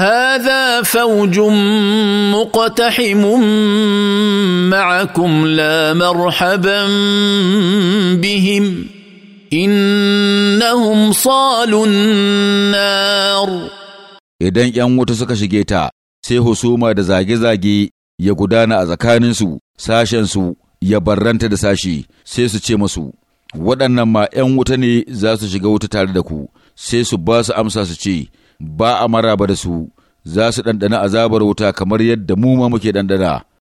هذا فوج مقتحم معكم لا مرحبا بهم إنهم صالوا النار idan ‘yan wuta suka shige ta, sai husuma da zage-zage ya gudana a tsakaninsu, sashensu ya barranta da sashi, sai su ce masu, waɗannan ma ‘yan wuta ne za su shiga wuta tare da ku, sai su ba su amsa su ce, ba a maraba da su za su ɗanɗana azabar wuta kamar yadda mu ma muke ɗanɗana